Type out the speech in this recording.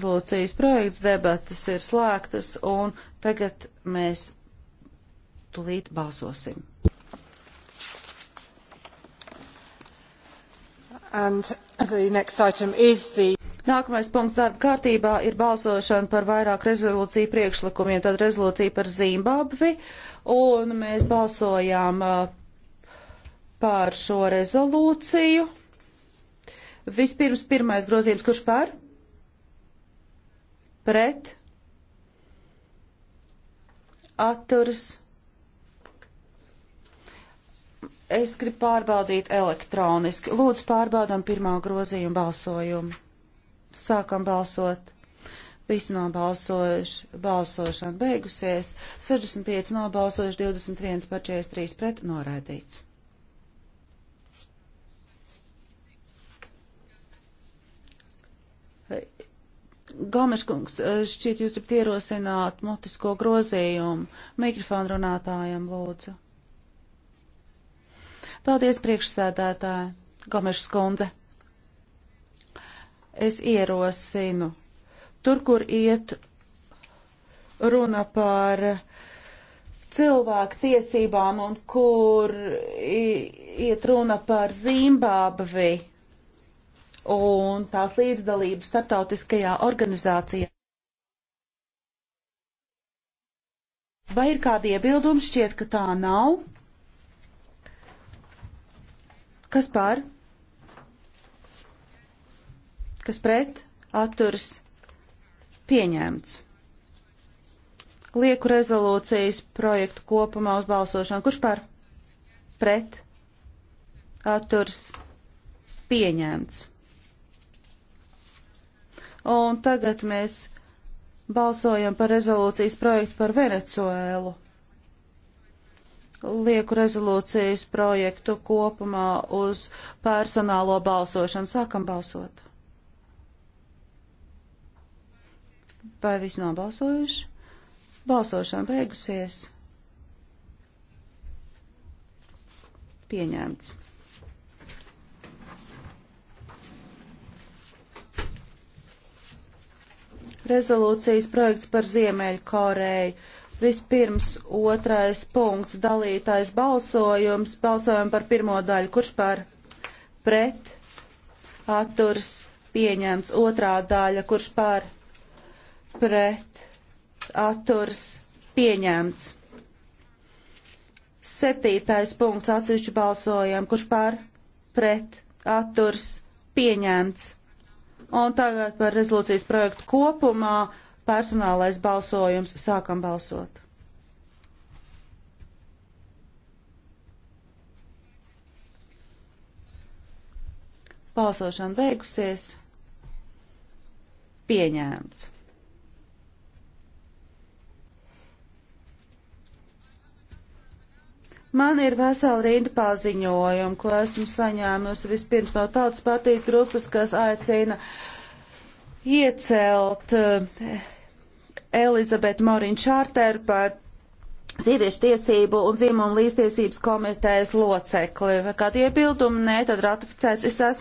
rezolūcijas projekts, debatas ir slēgtas, un tagad mēs tulīt balsosim. The... Nākamais punkts darba kārtībā ir balsošana par vairāk rezolūciju priekšlikumiem, tad rezolūcija par Zimbabvi, un mēs balsojām uh, par šo rezolūciju. Vispirms pirmais grozījums, kurš par? pret, atturas. Es gribu pārbaudīt elektroniski. Lūdzu, pārbaudam pirmā grozījuma balsojumu. Sākam balsot. Visi nobalsojuši, balsošana beigusies, 65 nobalsojuši, 21 par 43 pret noraidīts. Gomeškungs, eh, šķiet jūs gribat ierosināt mutisko grozījumu. Mikrofonu runātājiem lūdzu. Paldies, priekšsēdētāji, Gomešs kundze. Es ierosinu. Tur, kur iet runa par cilvēku tiesībām un kur iet runa par Zimbabvi un tās līdzdalību starptautiskajā organizācijā. Vai ir kādi iebildumi? Šķiet, ka tā nav. Kas par? Kas pret? Atturs pieņemts. Lieku rezolūcijas projektu kopumā uz balsošanu. Kurš par? Pret? Atturs pieņemts. Un tagad mēs balsojam par rezolūcijas projektu par Venecuēlu. Lieku rezolūcijas projektu kopumā uz personālo balsošanu. Sākam balsot. Vai visi nobalsojuši? Balsošana beigusies. Pieņemts. rezolūcijas projekts par Ziemeļu Koreju. Vispirms otrais punkts - dalītais balsojums. Balsojam par pirmo daļu. Kurš par? Pret. Atturs pieņemts. Otrā daļa. Kurš par? Pret. Atturs pieņemts. Septītais punkts atsevišķi balsojam. Kurš par? Pret. Atturs pieņemts. Un tagad par rezolūcijas projektu kopumā personālais balsojums. Sākam balsot. Balsošana beigusies. Pieņēmts. Man ir vesela rinda paziņojumu, ko esmu saņēmusi vispirms no tautas partijas grupas, kas aicina iecelt eh, Elizabeti Moriņu Čārteru par sieviešu tiesību un dzimumu līdztiesības komitejas locekli. Vai kādi iebildumi? Nē, tad ratificēts es esmu.